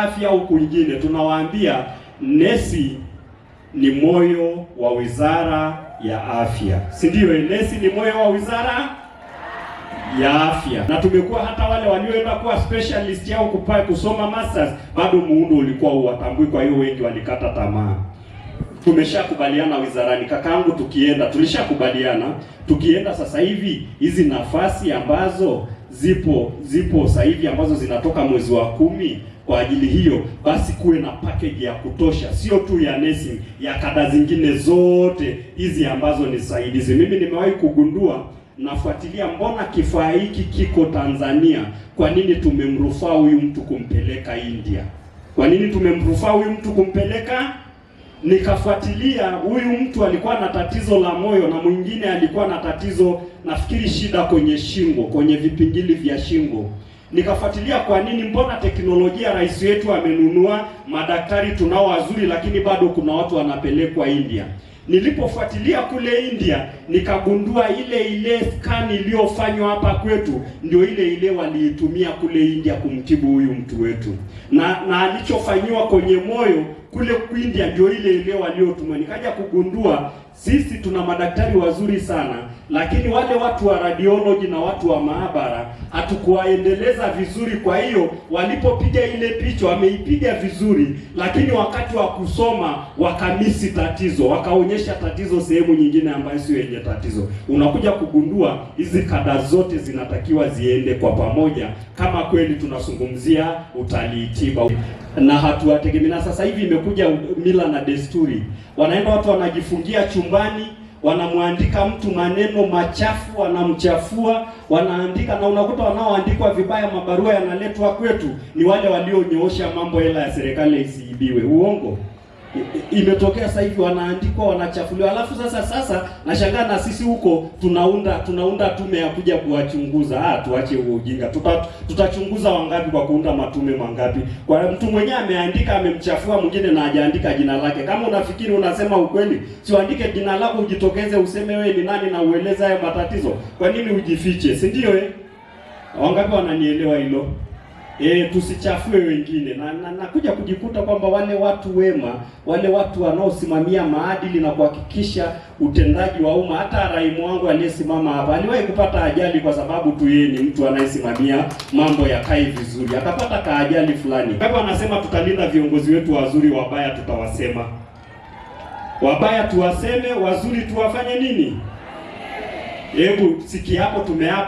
afya au kwingine, tunawaambia nesi ni moyo wa wizara ya afya, si ndio? Nesi ni moyo wa wizara ya afya, na tumekuwa hata wale walioenda kuwa specialist yao kupaa kusoma masters, bado muundo ulikuwa uwatambui, kwa hiyo wengi walikata tamaa. Tumeshakubaliana wizarani, kakaangu, tukienda tulishakubaliana, tukienda sasa hivi hizi nafasi ambazo zipo zipo sasa hivi ambazo zinatoka mwezi wa kumi. Kwa ajili hiyo basi kuwe na package ya kutosha, sio tu ya nursing, ya kada zingine zote hizi ambazo ni saidizi. Mimi nimewahi kugundua nafuatilia, mbona kifaa hiki kiko Tanzania? Kwa nini tumemrufaa huyu mtu kumpeleka India? Kwa nini tumemrufaa huyu mtu kumpeleka nikafuatilia, huyu mtu alikuwa na tatizo la moyo na mwingine alikuwa na tatizo, nafikiri shida kwenye shingo, kwenye vipingili vya shingo. Nikafuatilia kwa nini, mbona teknolojia rais wetu amenunua madaktari tunao wazuri, lakini bado kuna watu wanapelekwa India. Nilipofuatilia kule India nikagundua ile ile scan iliyofanywa hapa kwetu ndio ile ile waliitumia kule India kumtibu huyu mtu wetu, na na alichofanyiwa kwenye moyo kule India ndio ile ile waliotumia. Nikaja kugundua sisi tuna madaktari wazuri sana, lakini wale watu wa radiology na watu wa maabara hatukuwaendeleza vizuri. Kwa hiyo walipopiga ile picha wameipiga vizuri, lakini wakati wa kusoma wakamisi tatizo, wakaonyesha tatizo sehemu nyingine ambayo sio yenye tatizo. Unakuja kugundua hizi kada zote zinatakiwa ziende kwa pamoja, kama kweli tunazungumzia utalii tiba na hatuwategemei. Na sasa hivi imekuja mila na desturi, wanaenda watu wanajifungia chumbani, wanamwandika mtu maneno machafu, wanamchafua, wanaandika na unakuta wanaoandikwa vibaya, mabarua yanaletwa kwetu ni wale walionyoosha mambo, hela ya serikali isiibiwe. Uongo imetokea sasa hivi wanaandikwa, wanachafuliwa. Alafu sasa sasa nashangaa na sisi huko tunaunda tunaunda tume ya kuja kuwachunguza. Ah, tuache huo ujinga. Tuta, tutachunguza wangapi kwa kuunda matume mangapi? Kwa mtu mwenyewe ameandika amemchafua mwingine na hajaandika jina lake. Kama unafikiri unasema ukweli, si uandike jina lako, ujitokeze useme wewe ni nani na ueleze hayo matatizo. Kwa nini ujifiche, si ndio eh? Wangapi wananielewa hilo? E, tusichafue wengine na, na, na kujikuta kwamba wale watu wema, wale watu wanaosimamia maadili na kuhakikisha utendaji wa umma. Hata raimu wangu aliyesimama hapa aliwahi kupata ajali kwa sababu tu yeye ni mtu anayesimamia mambo ya kai vizuri, akapata ajali fulani. Kwa hivyo anasema tutalinda viongozi wetu wazuri, wabaya tutawasema, wabaya tuwaseme, wazuri tuwafanye nini? Hebu siki hapo tumeapa